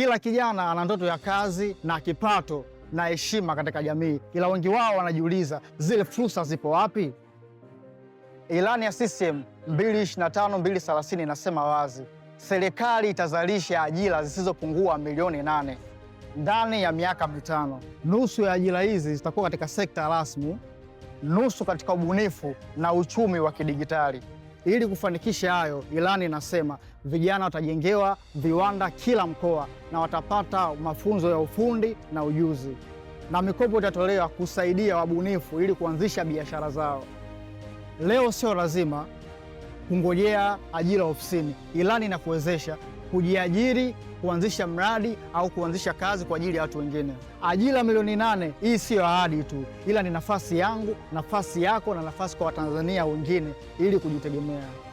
Kila kijana ana ndoto ya kazi na kipato na heshima katika jamii, ila wengi wao wanajiuliza zile fursa zipo wapi? Ilani ya CCM 2025-2030 inasema wazi, serikali itazalisha ajira zisizopungua milioni nane ndani ya miaka mitano. Nusu ya ajira hizi zitakuwa katika sekta rasmi, nusu katika ubunifu na uchumi wa kidigitali. Ili kufanikisha hayo, ilani inasema vijana watajengewa viwanda kila mkoa na watapata mafunzo ya ufundi na ujuzi, na mikopo itatolewa kusaidia wabunifu ili kuanzisha biashara zao. Leo sio lazima kungojea ajira ofisini, ilani inakuwezesha kujiajiri, kuanzisha mradi au kuanzisha kazi kwa ajili ya watu wengine. Ajira milioni nane hii siyo ahadi tu, ila ni nafasi yangu, nafasi yako na nafasi kwa Watanzania wengine ili kujitegemea.